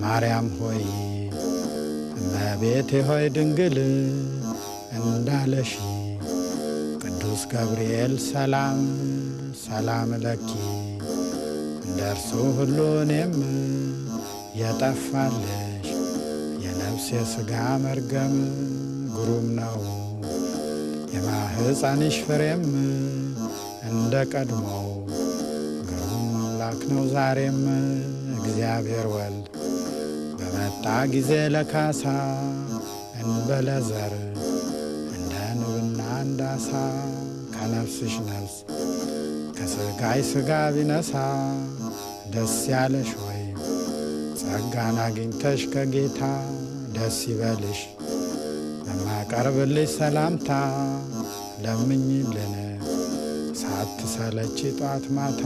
ማርያም ሆይ እመቤቴ ሆይ ድንግል እንዳለሽ ቅዱስ ገብርኤል ሰላም ሰላም ለኪ እንደ ሁሉ እኔም የጠፋለሽ የነፍስ የሥጋ መርገም ግሩም ነው። የማህፀንሽ ፍሬም እንደ ቀድሞው ግሩም አምላክ ነው ዛሬም እግዚአብሔር ወልድ ጊዜ ለካሳ እንበለዘር እንደ ንብና እንዳሳ ከነፍስሽ ነፍስ ከስጋይ ስጋ ቢነሳ ደስ ያለሽ ወይ ጸጋን አግኝተሽ ከጌታ ደስ ይበልሽ። ለማቀርብልሽ ሰላምታ ለምኝልን ሳትሰለች ጧት ማታ